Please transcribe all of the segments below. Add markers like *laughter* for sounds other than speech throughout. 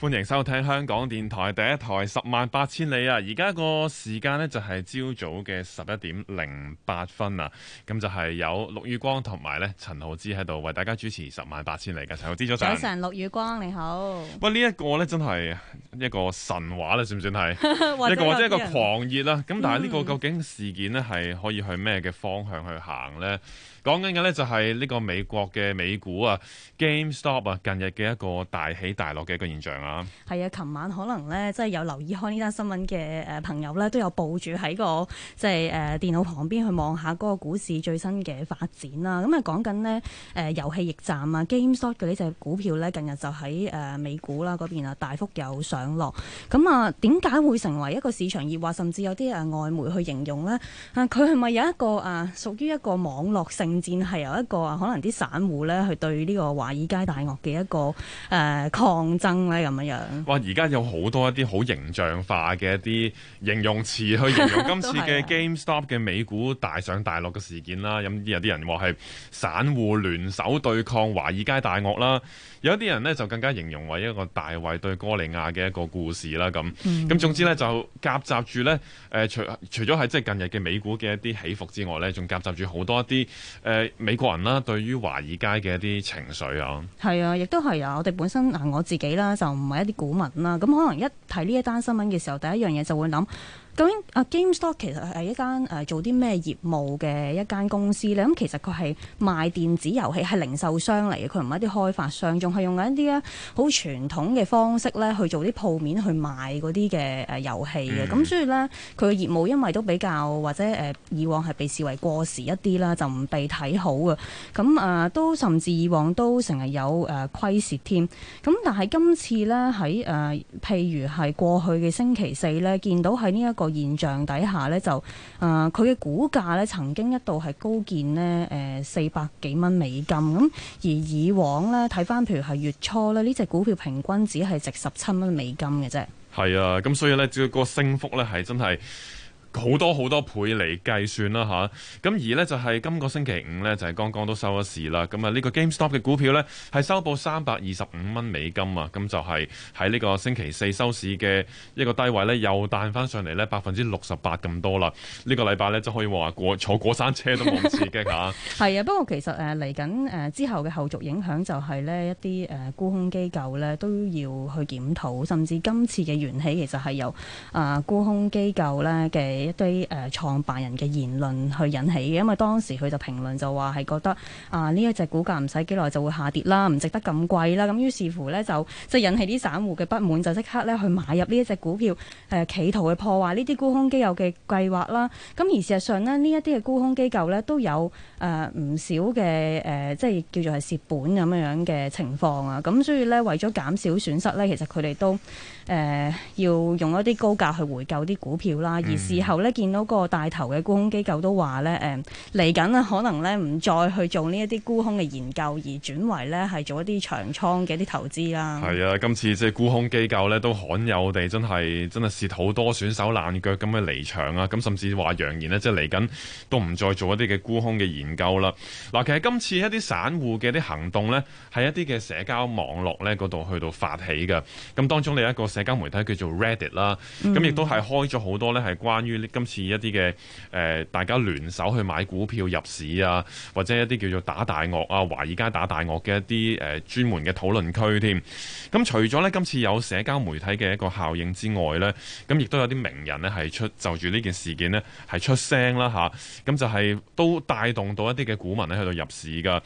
歡迎收聽香港電台第一台《十萬八千里》啊！而家個時間呢，就係朝早嘅十一點零八分啊！咁就係有陸宇光同埋咧陳浩之喺度為大家主持《十萬八千里》嘅。陳浩之早晨，早晨陸宇光你好。喂、哎，這個、呢一個咧真係一個神話啦，算唔算係 *laughs* 一個或者一個狂熱啦？咁 *laughs* 但係呢個究竟事件呢，係可以去咩嘅方向去行呢？講緊嘅呢，就係呢個美國嘅美股啊，GameStop 啊，近日嘅一個大起大落嘅一個現象啊。係啊，琴晚可能呢，即係有留意開呢單新聞嘅誒朋友呢，都有抱住喺個即係誒、呃、電腦旁邊去望下嗰個股市最新嘅發展啦、啊。咁啊講緊呢，誒、呃、遊戲驛站啊，GameStop 嘅呢隻股票呢，近日就喺誒、呃、美股啦嗰邊啊大幅有上落。咁啊，點解會成為一個市場熱話，甚至有啲誒、呃、外媒去形容呢，啊，佢係咪有一個啊屬於一個網絡性？戰係由一個可能啲散戶咧去對呢個華爾街大鱷嘅一個誒、呃、抗爭咧咁樣樣。哇！而家有好多一啲好形象化嘅一啲形容詞去形容今次嘅 GameStop 嘅美股大上大落嘅事件啦。咁、 *laughs* 啊、有啲人話係散戶聯手對抗華爾街大鱷啦。有一啲人呢就更加形容為一個大衛對哥利亞嘅一個故事啦咁。咁、嗯、總之呢，就夾雜住呢，誒、呃，除除咗係即係近日嘅美股嘅一啲起伏之外呢，仲夾雜住好多一啲。呃誒、呃、美國人啦，對於華爾街嘅一啲情緒啊，係啊，亦都係啊，我哋本身啊我自己啦，就唔係一啲股民啦，咁可能一睇呢一單新聞嘅時候，第一樣嘢就會諗。究竟啊，GameStop 其實係一間誒、呃、做啲咩業務嘅一間公司咧。咁其實佢係賣電子遊戲，係零售商嚟嘅，佢唔係一啲開發商，仲係用緊一啲咧好傳統嘅方式咧去做啲鋪面去賣嗰啲嘅誒遊戲嘅。咁、嗯、所以咧，佢嘅業務因為都比較或者誒、呃、以往係被視為過時一啲啦，就唔被睇好嘅。咁誒、呃、都甚至以往都成日有誒、呃、虧蝕添。咁但係今次咧喺誒譬如係過去嘅星期四咧，見到喺呢一個。現象底下呢，就誒，佢嘅股價咧曾經一度係高見咧誒四百幾蚊美金咁，而以往呢，睇翻，譬如係月初呢，呢隻股票平均只係值十七蚊美金嘅啫。係啊，咁所以呢，只要嗰個升幅呢，係真係。好多好多倍嚟計算啦咁、啊、而呢，就係、是、今個星期五呢，就係、是、剛剛都收咗市啦，咁啊呢、這個 GameStop 嘅股票呢，係收報三百二十五蚊美金啊，咁、啊、就係喺呢個星期四收市嘅一個低位呢，又彈翻上嚟呢，百分之六十八咁多啦，呢、這個禮拜呢，就可以話過坐過山車都冇刺激嚇。係啊，不過、 *laughs* 啊、其實嚟緊、啊啊、之後嘅後續影響就係呢，一啲誒、啊、沽空機構呢都要去檢討，甚至今次嘅緣起其實係由啊沽空機構呢嘅。一堆誒、呃、創辦人嘅言論去引起嘅，因為當時佢就評論就話，係覺得啊呢一隻股價唔使幾耐就會下跌啦，唔值得咁貴啦，咁、啊、於是乎咧就即係引起啲散戶嘅不滿，就即刻咧去買入呢一隻股票，誒、呃、企圖去破壞呢啲沽空機構嘅計劃啦。咁、啊、而事實上咧，這些沽呢一啲嘅沽空機構咧都有誒唔、呃、少嘅誒、呃，即係叫做係蝕本咁樣樣嘅情況啊。咁所以咧為咗減少損失咧，其實佢哋都誒、呃、要用一啲高價去回購啲股票啦，而試、嗯。頭咧見到個大頭嘅沽空機構都話咧誒、嚟緊啊，可能咧唔再去做呢一啲沽空嘅研究，而轉為咧係做一啲長倉嘅啲投資啦。係啊，今次即係沽空機構咧都罕有地真係真係蝕好多損手爛腳咁嘅離場啊！咁、啊、甚至話揚言咧即係嚟緊都唔再做一啲嘅沽空嘅研究啦。嗱、啊，其實今次一啲散戶嘅啲行動咧，喺一啲嘅社交網絡咧嗰度去到發起嘅。咁、啊、當中有一個社交媒體叫做 Reddit 啦、啊，咁、啊、亦、嗯、都係開咗好多咧係關於。今次一啲嘅誒，大家聯手去買股票入市啊，或者一啲叫做打大鱷啊，華爾街打大鱷嘅一啲誒，呃，專門嘅討論區添。咁、嗯、除咗呢今次有社交媒體嘅一個效應之外咧，咁、嗯、亦都有啲名人咧係出就住呢件事件咧係出聲啦吓，咁、啊嗯、就係、是、都帶動到一啲嘅股民咧去到入市噶。咁、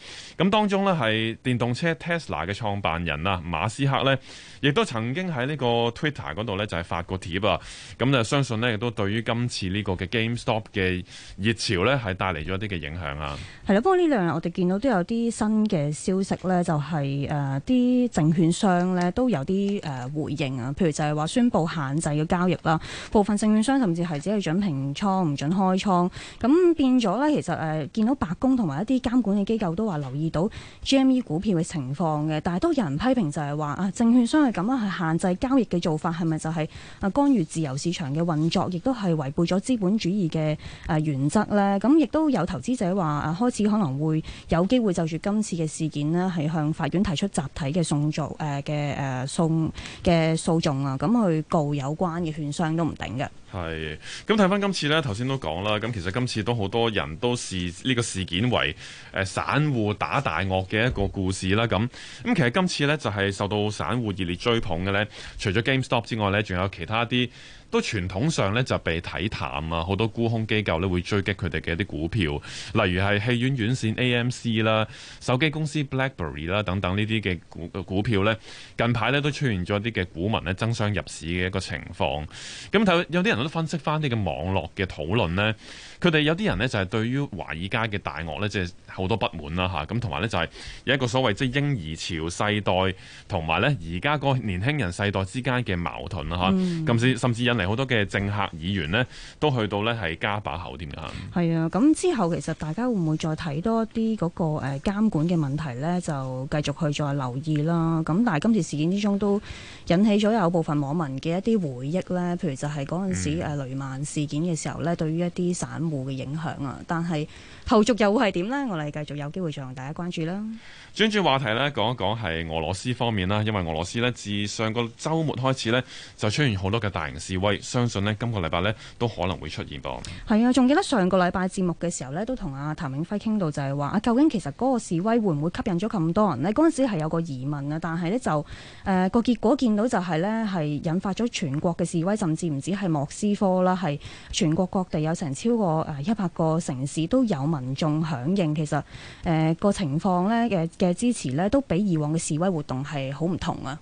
嗯、當中咧係電動車 Tesla 嘅創辦人啊馬斯克咧，亦都曾經喺呢個 Twitter 度咧就係、是、發過帖啊。咁、嗯、就相信咧亦都對於今今次呢個嘅 GameStop 嘅熱潮呢，係帶嚟咗一啲嘅影響啊。係啦，不過呢兩日我哋見到都有啲新嘅消息呢、就係，就係誒啲證券商呢都有啲誒回應啊。譬如就係話宣布限制嘅交易啦，部分證券商甚至係只係準平倉、唔準開倉。咁變咗呢，其實誒、呃、見到白宮同埋一啲監管嘅機構都話留意到 GME 股票嘅情況嘅，但係都有人批評就係話啊，證券商係咁樣去限制交易嘅做法係咪就係啊干預自由市場嘅運作，亦都係為背咗資本主義嘅誒原則咧，咁亦都有投資者話，開始可能會有機會就住今次嘅事件呢，係向法院提出集體嘅訴狀誒嘅誒訴嘅訴訟啊，咁去告有關嘅券商都唔定嘅。係，咁睇翻今次呢，頭先都講啦，咁其實今次都好多人都視呢個事件為、呃、散戶打大鱷嘅一個故事啦，咁，咁其實今次呢，就係、是、受到散戶熱烈追捧嘅呢。除咗 GameStop 之外呢，仲有其他啲都傳統上呢就被睇淡啊，好多沽空機構呢會追擊佢哋嘅一啲股票，例如係戲院院線 AMC 啦、手機公司 BlackBerry 啦等等呢啲嘅股股票呢近排呢都出現咗一啲嘅股民呢爭相入市嘅一個情況，咁睇有啲人。分析翻呢個網絡嘅討論呢，佢哋有啲人呢，就係對於華爾街嘅大鱷呢，即係好多不滿啦嚇。咁同埋呢，就係有一個所謂即嬰兒潮世代，同埋呢而家個年輕人世代之間嘅矛盾啦嚇。嗯、甚至引嚟好多嘅政客議員呢，都去到呢係加把口添嘅嚇。係啊，咁之後其實大家會唔會再睇多啲嗰個誒監管嘅問題呢？就繼續去再留意啦。咁但係今次事件之中都引起咗有部分網民嘅一啲回憶呢，譬如就係嗰陣時。雷曼事件嘅時候呢，對於一啲散戶嘅影響啊，但係後續又會係點呢？我哋繼續有機會再同大家關注啦。轉轉話題呢，講一講係俄羅斯方面啦，因為俄羅斯呢，自上個週末開始呢，就出現好多嘅大型示威，相信呢，今個禮拜呢，都可能會出現噃。係啊，仲記得上個禮拜節目嘅時候呢，都同阿、啊、譚永輝傾到就係話啊，究竟其實嗰個示威會唔會吸引咗咁多人咧？嗰陣時係有個疑問啊，但係呢，就誒、呃嗰個結果見到就係呢，係引發咗全國嘅示威，甚至唔止係莫斯科。支科啦，係全國各地有成超過誒一百個城市都有民眾響應。其實誒個情況咧嘅嘅支持咧都比以往嘅示威活動係好唔同啊！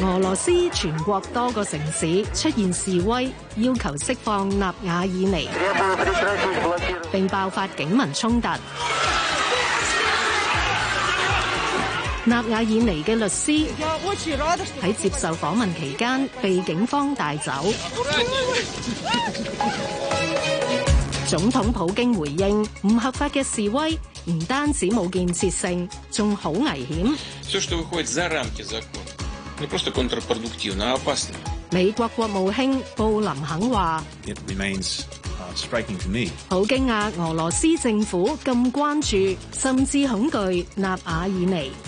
俄羅斯全國多個城市出現示威，要求釋放納瓦爾尼，並爆發警民衝突。納瓦爾尼嘅律師喺接受訪問期間被警方帶走。總統普京回應：唔合法嘅示威唔單止冇建設性，仲好危險。美國國務卿布林肯話：好驚訝普京俄羅斯政府咁關注，甚至恐懼納瓦爾尼。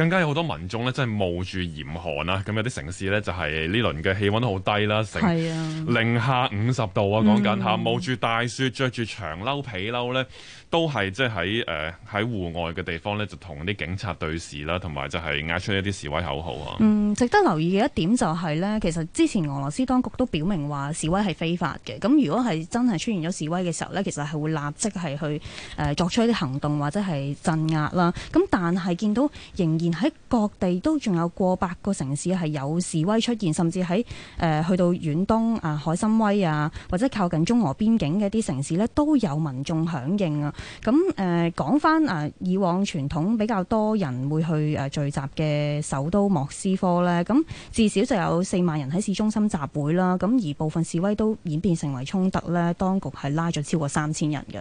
更加有好多民眾咧，真係冒住嚴寒啦。咁有啲城市咧，就係呢輪嘅氣温都好低啦，成零下五十度啊！講緊嚇，冒住大雪，着住長褸皮褸呢，都係即係喺誒戶外嘅地方咧，就同啲警察對視啦，同埋就係嗌出一啲示威口號啊！嗯，值得留意嘅一點就係、是、呢，其實之前俄羅斯當局都表明話示威係非法嘅，咁如果係真係出現咗示威嘅時候呢，其實係會立即係去誒、呃、作出一啲行動或者係鎮壓啦。咁但係見到仍然，喺各地都仲有過百個城市係有示威出現，甚至喺誒、呃、去到遠東啊、海參崴啊，或者靠近中俄邊境嘅一啲城市咧，都有民眾響應啊。咁誒講翻誒以往傳統比較多人會去誒、啊、聚集嘅首都莫斯科咧，咁至少就有四萬人喺市中心集會啦。咁而部分示威都演變成為衝突咧，當局係拉咗超過三千人嘅。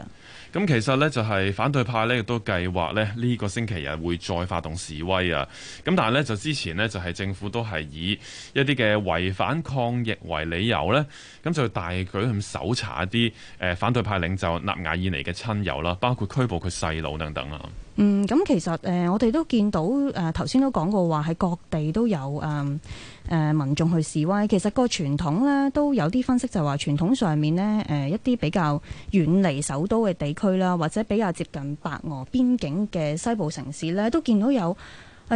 咁其實咧就係反對派咧亦都計劃咧呢個星期日會再發動示威。係啊，咁但係咧，就之前呢，就係政府都係以一啲嘅違反抗疫為理由呢，咁就大舉去搜查一啲誒反對派領袖納瓦爾尼嘅親友啦，包括拘捕佢細佬等等啊。嗯，咁其實誒，我哋都見到誒頭先都講過話，喺各地都有誒誒民眾去示威。其實個傳統呢，都有啲分析，就話、是、傳統上面呢，誒一啲比較遠離首都嘅地區啦，或者比較接近白俄邊境嘅西部城市呢，都見到有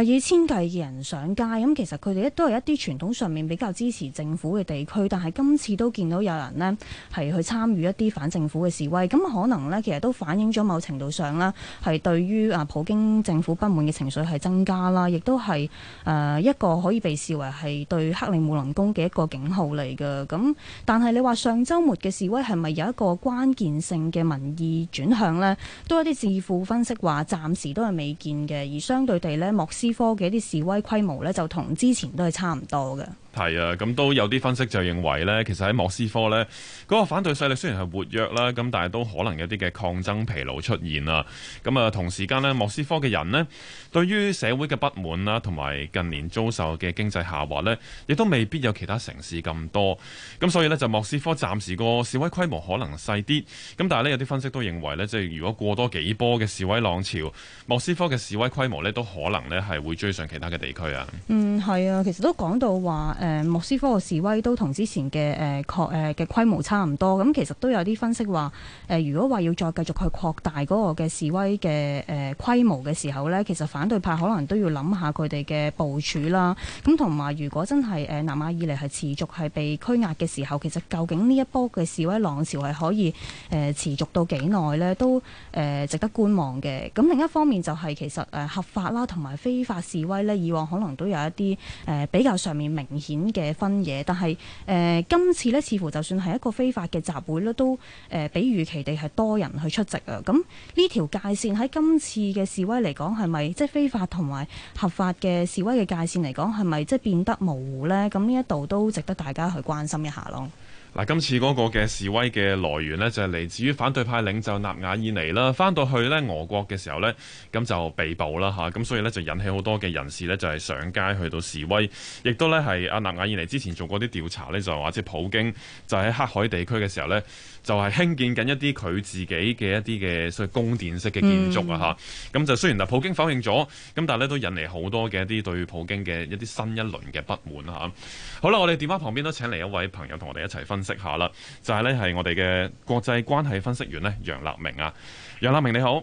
以千計嘅人上街，咁其實佢哋都係一啲傳統上面比較支持政府嘅地區，但係今次都見到有人呢係去參與一啲反政府嘅示威，咁可能呢，其實都反映咗某程度上啦，係對於啊普京政府不滿嘅情緒係增加啦，亦都係誒一個可以被視為係對克里姆林宮嘅一個警號嚟嘅。咁但係你話上週末嘅示威係咪有一個關鍵性嘅民意轉向呢？都有啲智庫分析話暫時都係未見嘅，而相對地呢，莫科嘅一啲示威規模咧，就同之前都係差唔多嘅。係啊，咁都有啲分析就認為呢，其實喺莫斯科呢，嗰個反對勢力雖然係活躍啦，咁但係都可能有啲嘅抗爭疲勞出現啦。咁啊，同時間呢，莫斯科嘅人呢，對於社會嘅不滿啦，同埋近年遭受嘅經濟下滑呢，亦都未必有其他城市咁多。咁所以呢，就莫斯科暫時個示威規模可能細啲。咁但係呢，有啲分析都認為呢，即係如果過多幾波嘅示威浪潮，莫斯科嘅示威規模呢，都可能呢係會追上其他嘅地區啊。嗯，係啊，其實都講到話。誒、呃、莫斯科嘅示威都同之前嘅誒嘅規模差唔多，咁其實都有啲分析話、呃，如果話要再繼續去擴大嗰個嘅示威嘅誒、呃、規模嘅時候咧，其實反對派可能都要諗下佢哋嘅部署啦。咁同埋如果真係、呃、南亞以嚟係持續係被拘押嘅時候，其實究竟呢一波嘅示威浪潮係可以、呃、持續到幾耐咧，都、呃、值得觀望嘅。咁另一方面就係其實、呃、合法啦同埋非法示威咧，以往可能都有一啲、呃、比較上面明顯。嘅分野，但係誒、呃、今次咧，似乎就算係一個非法嘅集會咧，都誒、呃、比預期地係多人去出席啊！咁呢條界線喺今次嘅示威嚟講，係咪即係非法同埋合法嘅示威嘅界線嚟講，係咪即係變得模糊呢？咁呢一度都值得大家去關心一下咯。嗱，今次嗰個嘅示威嘅來源呢，就係嚟自於反對派領袖納瓦爾尼啦。翻到去呢，俄國嘅時候呢，咁就被捕啦吓，咁所以呢，就引起好多嘅人士呢，就係上街去到示威。亦都呢，係阿納瓦爾尼之前做過啲調查呢，就話即係普京就喺黑海地區嘅時候呢，就係興建緊一啲佢自己嘅一啲嘅所謂宮殿式嘅建築啊吓，咁就雖然嗱普京否認咗，咁但係呢，都引嚟好多嘅一啲對普京嘅一啲新一輪嘅不滿啦吓。好啦，我哋電話旁邊都請嚟一位朋友同我哋一齊分識下啦，就係咧係我哋嘅國際關係分析員咧，楊立明啊，楊立明你好，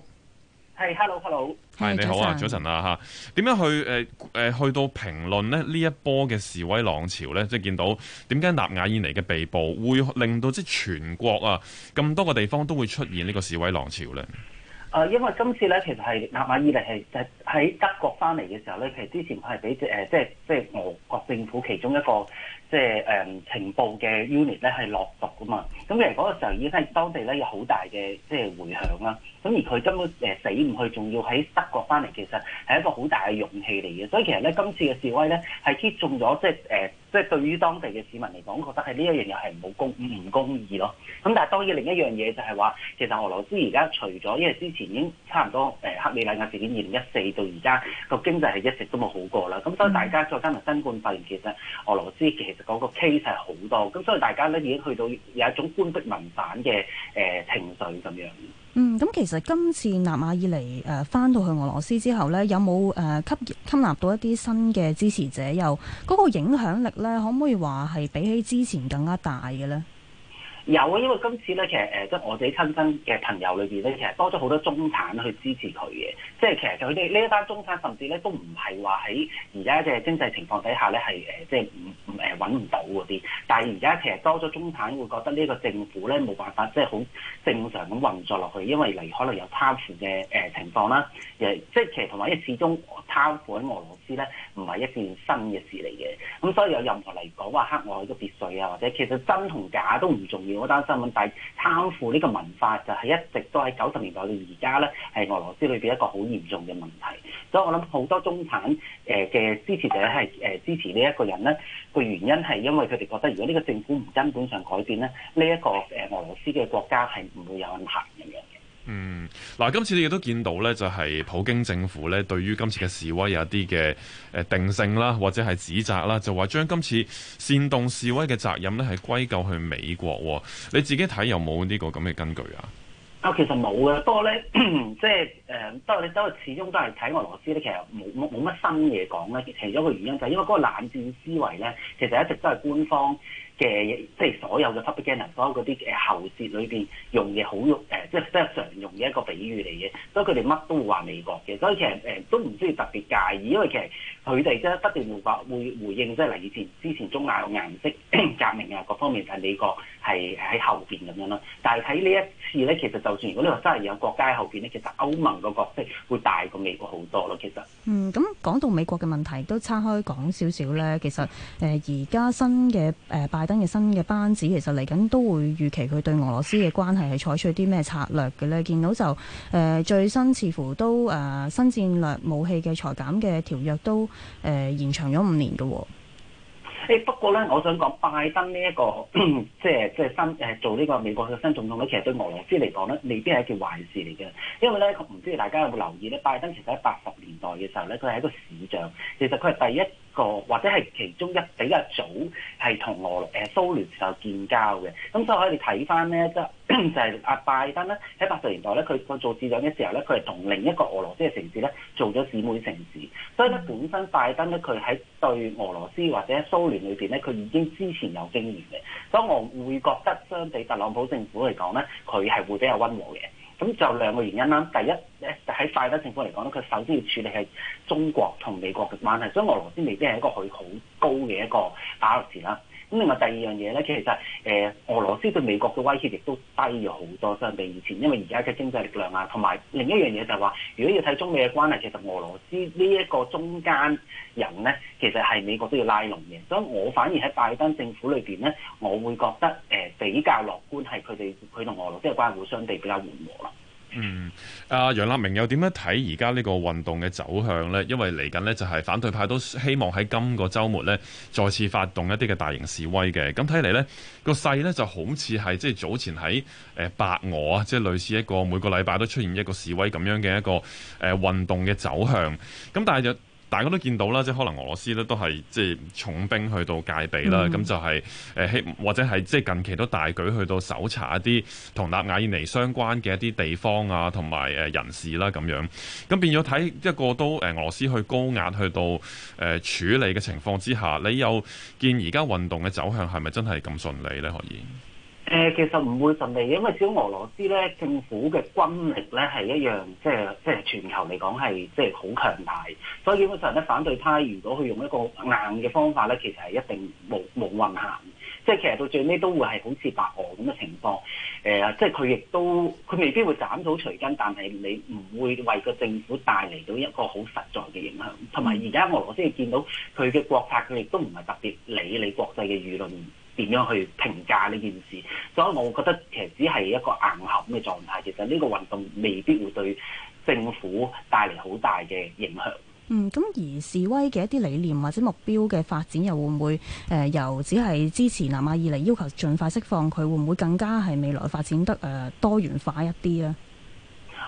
係、hey, Hello Hello，係你好啊，早晨啊，吓，點樣去誒誒去到評論咧呢一波嘅示威浪潮咧？即係見到點解納瓦爾尼嘅被捕會令到即係全國啊咁多個地方都會出現呢個示威浪潮咧？誒，因為今次咧其實係納瓦爾尼係喺喺德國翻嚟嘅時候咧，其實之前係俾誒即係即係俄國政府其中一個。即係誒情報嘅 unit 咧係落毒㗎嘛，咁其實嗰個時候已經喺當地咧有好大嘅即係迴響啦。咁而佢根本誒死唔去，仲要喺德國翻嚟，其實係一個好大嘅勇氣嚟嘅。所以其實咧今次嘅示威咧係擊中咗，即係誒即係對於當地嘅市民嚟講，覺得係呢一樣嘢又係唔公唔公義咯。咁但係當然另一樣嘢就係話，其實俄羅斯而家除咗因為之前已經差唔多誒克里米亞事件二零一四到而家個經濟係一直都冇好過啦。咁所以大家再跟埋新冠肺炎，其實俄羅斯其實。嗰個 case 係好多，咁所以大家呢已經去到有一種官逼民反嘅誒情緒咁樣。嗯，咁其實今次納瓦爾尼誒翻到去俄羅斯之後呢，有冇誒吸吸納到一啲新嘅支持者有？又、那、嗰個影響力呢，可唔可以話係比起之前更加大嘅呢？有啊，因為今次咧，其實誒即係我自己親身嘅朋友裏邊咧，其實多咗好多中產去支持佢嘅，即係其實佢哋呢一班中產甚至咧都唔係話喺而家嘅係經濟情況底下咧係誒即係唔唔誒揾唔到嗰啲，但係而家其實多咗中產會覺得呢個政府咧冇辦法即係好正常咁運作落去，因為嚟可能有貪腐嘅誒、呃、情況啦，誒即係其實同埋始終貪腐喺俄羅斯咧唔係一件新嘅事嚟嘅，咁所以有任何嚟講話黑外喺個別墅啊，或者其實真同假都唔重要。我擔心問，但貪腐呢個文化就係一直都喺九十年代到而家咧，係俄羅斯裏邊一個好嚴重嘅問題。所以我諗好多中產誒嘅支持者係誒支持呢一個人咧，個原因係因為佢哋覺得如果呢個政府唔根本上改變咧，呢一個誒俄羅斯嘅國家係唔會有問題嘅。嗯，嗱，今次你亦都見到咧，就係普京政府咧對於今次嘅示威有一啲嘅誒定性啦，或者係指責啦，就話將今次煽動示威嘅責任咧係歸咎去美國。你自己睇有冇呢個咁嘅根據啊？啊、呃，其實冇嘅，不過咧，即係誒，不過你都始終都係睇俄羅斯咧，其實冇冇乜新嘢講咧。其中一個原因就係因為嗰個冷戰思維咧，其實一直都係官方。嘅即係所有嘅 public opinion 所有嗰啲誒喉舌裏邊用嘅好用誒，即係即係常用嘅一個比喻嚟嘅，所以佢哋乜都話美國嘅，所以其實誒、呃、都唔需要特別介意，因為其實佢哋即係不斷會發會回應，即係嗱以前之前中亞嘅顏色 *coughs* 革命啊各方面，但係美國係喺後邊咁樣咯。但係睇呢一次咧，其實就算如果你話真係有國家喺後邊咧，其實歐盟個角色會大過美國好多咯、嗯，其實。嗯、呃，咁講到美國嘅問題都差開講少少咧，其實誒而家新嘅誒拜登嘅新嘅班子其實嚟緊都會預期佢對俄羅斯嘅關係係採取啲咩策略嘅呢？見到就誒、呃、最新似乎都誒、呃、新戰略武器嘅裁減嘅條約都誒、呃、延長咗五年嘅喎、哦欸。不過呢，我想講拜登呢、這、一個即係即係新誒做呢個美國嘅新總統呢，其實對俄羅斯嚟講呢，未必係一件壞事嚟嘅，因為呢，佢唔知大家有冇留意呢？拜登其實喺八十年代嘅時候呢，佢係一個市長，其實佢係第一個或者係其中一比較早係同俄羅誒、呃、蘇聯嘅時候建交嘅，咁、嗯、所以我哋睇翻咧，即係阿拜登咧喺八十年代咧，佢個做市長嘅時候咧，佢係同另一個俄羅斯嘅城市咧做咗姊妹城市，所以咧本身拜登咧佢喺對俄羅斯或者蘇聯裏邊咧，佢已經之前有經驗嘅，所以我會覺得相比特朗普政府嚟講咧，佢係會比較溫和嘅。咁就兩個原因啦。第一咧，喺拜登政府嚟講咧，佢首先要處理係中國同美國嘅關係，所以俄羅斯未必係一個佢好高嘅一個打落點啦。咁另外第二樣嘢咧，其實誒俄羅斯對美國嘅威脅亦都低咗好多，相比以前，因為而家嘅經濟力量啊，同埋另一樣嘢就係話，如果要睇中美嘅關係，其實俄羅斯呢一個中間人咧，其實係美國都要拉攏嘅，所以我反而喺拜登政府裏面咧，我會覺得誒比較樂觀係佢哋，係佢哋佢同俄羅斯嘅關係會相對比，比較緩和咯。嗯，阿、啊、楊立明又點樣睇而家呢個運動嘅走向呢？因為嚟緊呢，就係反對派都希望喺今個周末呢，再次發動一啲嘅大型示威嘅。咁睇嚟呢，個勢呢就好似係即係早前喺誒、呃、白俄啊，即、就、係、是、類似一個每個禮拜都出現一個示威咁樣嘅一個誒運、呃、動嘅走向。咁但係就。大家都見到啦，即係可能俄羅斯咧都係即係重兵去到戒備啦，咁、mm hmm. 就係、是、誒，或者係即係近期都大舉去到搜查一啲同納瓦爾尼相關嘅一啲地方啊，同埋誒人士啦咁樣，咁變咗睇一個都誒俄羅斯去高壓去到誒處理嘅情況之下，你又見而家運動嘅走向係咪真係咁順利呢？可以？誒、呃、其實唔會順利，因為小俄羅斯咧政府嘅軍力咧係一樣，即係即係全球嚟講係即係好強大，所以基本上咧反對派，如果佢用一個硬嘅方法咧，其實係一定冇無，無運行，即係其實到最尾都會係好似白俄咁嘅情況。誒、呃、即係佢亦都佢未必會斬草除根，但係你唔會為個政府帶嚟到一個好實在嘅影響。同埋而家俄羅斯見到佢嘅國策，佢亦都唔係特別理你國際嘅輿論。點樣去評價呢件事？所以我覺得其實只係一個硬撼嘅狀態，其實呢個運動未必會對政府帶嚟好大嘅影響。嗯，咁而示威嘅一啲理念或者目標嘅發展，又會唔會誒、呃、由只係支持納瓦爾尼嚟要求盡快釋放佢，佢會唔會更加係未來發展得、呃、多元化一啲啊？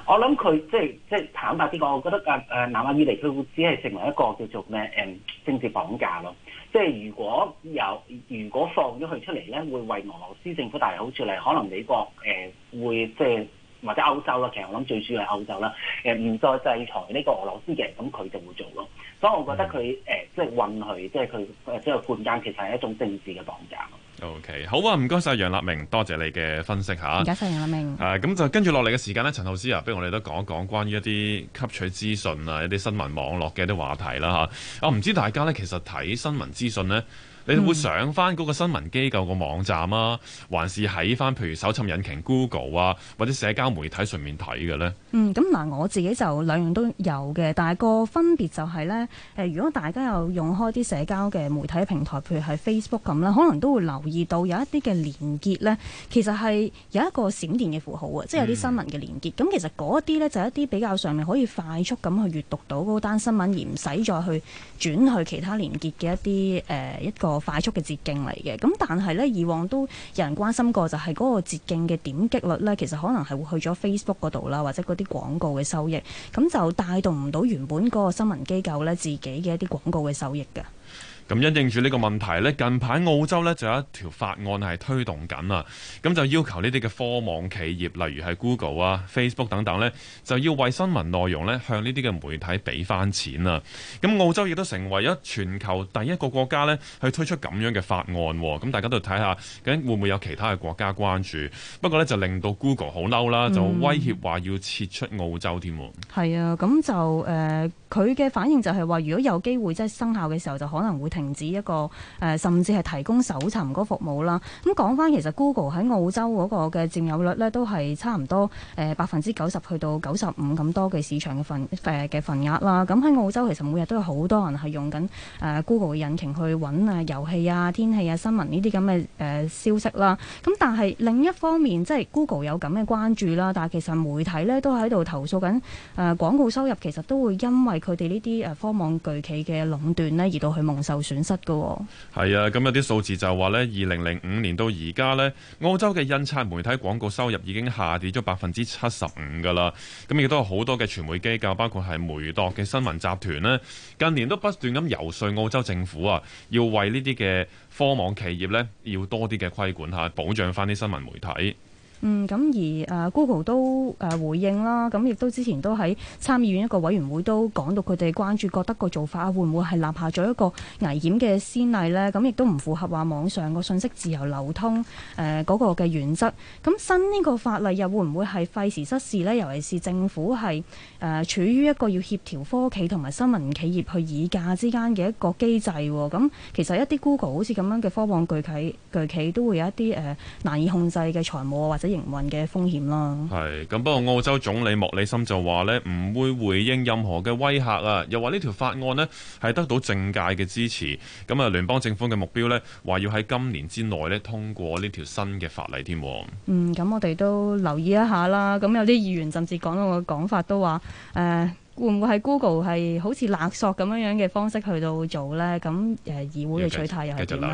我諗佢即係即係坦白啲講，我覺得納瓦爾尼佢會只係成為一個叫做咩政治綁架咯。即係如果有如果放咗佢出嚟咧，會為俄羅斯政府，帶嚟好處嚟，可能美國、呃、會即係或者歐洲啦。其實我諗最主要係歐洲啦，誒、呃、唔再制裁呢個俄羅斯嘅，咁佢就會做咯。所以我覺得佢、嗯、即係運佢，即係佢即係判監，其實係一種政治嘅綁架。O、okay. K，好啊，唔該晒楊立明，多謝你嘅分析嚇。唔該曬楊立明。誒、啊，咁就跟住落嚟嘅時間咧，陳浩思啊，不如我哋都講一講關於一啲吸取資訊啊，一啲新聞網絡嘅一啲話題啦、啊、嚇。啊，唔、啊、知大家咧，其實睇新聞資訊咧。你會上翻嗰個新聞機構個網站啊，還是喺翻譬如搜尋引擎 Google 啊，或者社交媒體上面睇嘅呢？嗯，咁嗱，我自己就兩樣都有嘅，但係個分別就係、是、呢：誒、呃，如果大家有用開啲社交嘅媒體平台，譬如係 Facebook 咁啦，可能都會留意到有一啲嘅連結呢，其實係有一個閃電嘅符號啊，即係有啲新聞嘅連結。咁、嗯、其實嗰啲呢，就是、一啲比較上面可以快速咁去閲讀到嗰單新聞，而唔使再去轉去其他連結嘅一啲誒、呃、一個。快速嘅捷徑嚟嘅，咁但係呢，以往都有人關心過，就係嗰個捷徑嘅點擊率呢，其實可能係會去咗 Facebook 度啦，或者嗰啲廣告嘅收益，咁就帶動唔到原本嗰個新聞機構呢自己嘅一啲廣告嘅收益噶。咁因應住呢個問題呢，近排澳洲呢就有一條法案係推動緊啊，咁就要求呢啲嘅科網企業，例如係 Google 啊、Facebook 等等呢，就要為新聞內容呢向呢啲嘅媒體俾翻錢啊。咁澳洲亦都成為咗全球第一個國家呢，去推出咁樣嘅法案啊。咁大家都睇下，究竟會唔會有其他嘅國家關注？不過呢，就令到 Google 好嬲啦，就威脅話要撤出澳洲添。係、嗯、啊，咁就誒，佢、呃、嘅反應就係話，如果有機會即、即係、生效嘅時候，就可能會。停止一個誒、呃，甚至係提供搜尋嗰服務啦。咁、嗯、講翻，其實 Google 喺澳洲嗰個嘅佔有率呢，都係差唔多誒百分之九十去到九十五咁多嘅市場嘅份誒嘅份額啦。咁、嗯、喺澳洲，其實每日都有好多人係用緊誒、呃、Google 嘅引擎去揾誒遊戲啊、天氣啊、新聞呢啲咁嘅誒消息啦。咁、嗯、但係另一方面，即係 Google 有咁嘅關注啦，但係其實媒體呢，都喺度投訴緊誒、呃、廣告收入其實都會因為佢哋呢啲誒科網巨企嘅壟斷呢，而到去蒙受。損失噶，係啊，咁有啲數字就話呢，二零零五年到而家呢，澳洲嘅印刷媒體廣告收入已經下跌咗百分之七十五噶啦，咁亦都有好多嘅傳媒機構，包括係梅鐸嘅新聞集團呢，近年都不斷咁游說澳洲政府啊，要為呢啲嘅科網企業呢，要多啲嘅規管下，保障翻啲新聞媒體。嗯，咁而 Google 都回應啦，咁亦都之前都喺參議院一個委員會都講到佢哋關注，覺得個做法會唔會係立下咗一個危險嘅先例咧，咁亦都唔符合話網上個信息自由流通誒嗰個嘅原則，咁新呢個法例又會唔會係費時失事咧？尤其是政府係、呃、處於一個要協調科技同埋新聞企業去議價之間嘅一個機制。咁其實一啲 Google 好似咁樣嘅科網巨企巨企，企都會有一啲、呃、難以控制嘅財務，啊或者營運嘅風險啦，係咁。不過澳洲總理莫里森就話呢，唔會回應任何嘅威嚇啊，又話呢條法案呢係得到政界嘅支持。咁啊，聯邦政府嘅目標呢，話要喺今年之內呢通過呢條新嘅法例添。嗯，咁我哋都留意一下啦。咁有啲議員甚至講到我嘅講法都話，誒、呃、會唔會係 Google 係好似勒索咁樣樣嘅方式去到做呢？咁誒議會嘅取態又係點咧？